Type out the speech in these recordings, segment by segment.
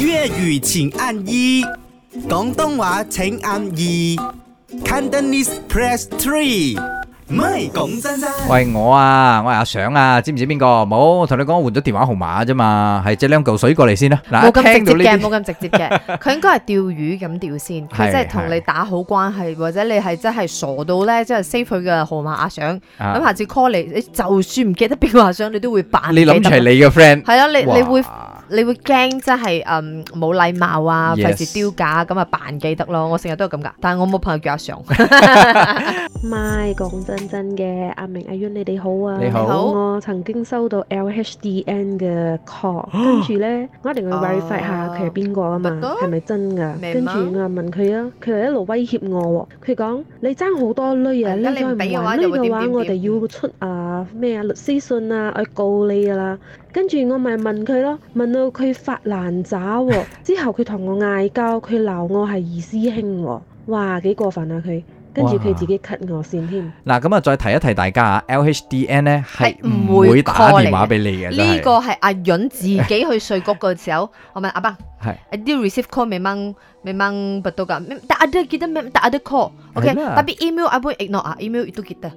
粵語請按一，廣東話請按二，Cantonese press three。唔係，講真真，喂我啊，我係阿想啊，知唔知邊個？冇，我同你講，我換咗電話號碼啫嘛，係借兩嚿水過嚟先啦。嗱，冇咁直接嘅，冇咁直接嘅，佢應該係釣魚咁釣先。佢即係同你打好關係，或者你係真係傻到咧，即係 save 佢嘅號碼阿想。咁下次 call 你，你就算唔記得邊個阿想，你都會扮。你諗住你嘅 friend，係啊，你你會。你會驚真係誒冇禮貌啊，費事 Yes. 丟架咁啊扮記得咯，我成日都係咁噶。但係我冇朋友叫阿常。 My 講真真嘅，阿明阿遠你哋好啊！你好，你好，我曾經收到 LHDN 嘅 call，跟住咧 我一定要揾快下佢係邊個啊嘛，係咪、uh, 真㗎？跟住我問佢啊，佢就一路威脅我喎。佢講你爭好多鐳啊，你再唔呢個話我哋要出啊。咩啊，律師信啊，我告你噶啦，跟住我咪問佢咯，問到佢發爛渣喎，之後佢同我嗌交，佢鬧我係二師兄，哇，幾過分啊佢！跟住佢自己 cut 我綫添。嗱咁啊，再提一提大家啊，LHDN 咧，係唔會打電話俾你嘅。呢個係阿潤自己去稅局嘅時候，我問阿爸，係啲 receive call 未掹未掹唔到噶，但係我記得，但係其他 call，OK，特別 email 我都會 ignore 啊，email 都記得。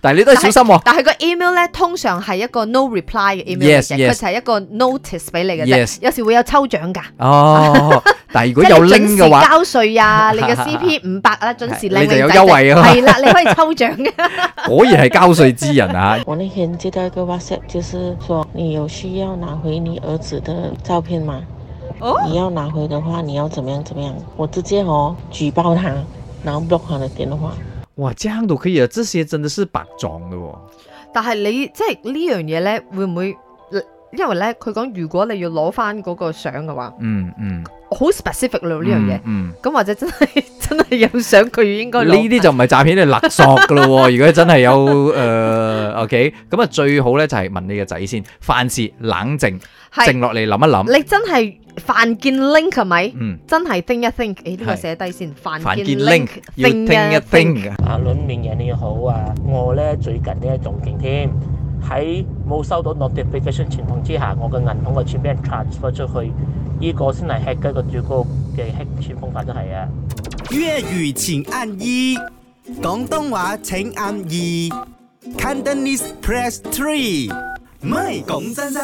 但係你都小心喎。但係個 email 咧，通常係一個 no reply 嘅 email 嚟嘅，佢就係一個 notice 俾你嘅啫。有時會有抽獎噶。哦。但如果有拎嘅話，交稅啊！你嘅 CP 五百啊，準時拎就有優惠啊，係啦，你可以抽獎嘅。果然係交稅之人啊！我那天接到一個 WhatsApp，就是說你有需要拿回你兒子的照片嗎？Oh? 你要拿回的話，你要點樣點樣？我直接哦，舉報他，然後 block 他的電話。哇，這樣都可以啊！這些真的是白撞的喎，哦。但係你即係呢樣嘢咧，會唔會？因為咧，佢講如果你要攞翻嗰個相嘅話，嗯嗯，好 specific 咯呢樣嘢，嗯，咁或者真係真係有相，佢應該呢啲就唔係詐騙你勒索噶咯。如果真係有誒，OK，咁啊最好咧就係問你個仔先，凡事冷靜，靜落嚟諗一諗。你真係犯見 link 係咪？嗯，真係叮一 think，誒呢個寫低先。犯見 link 要 think 一 think。阿倫名人你好啊，我咧最近呢，仲勁添。喺冇收到 notification 情況之下，我嘅銀行嘅錢俾人 transfer 出去，呢個先係吃緊個最高嘅吃錢方法都係啊！粵語請按一，廣東話請按二，Cantonese press three，咪講真真。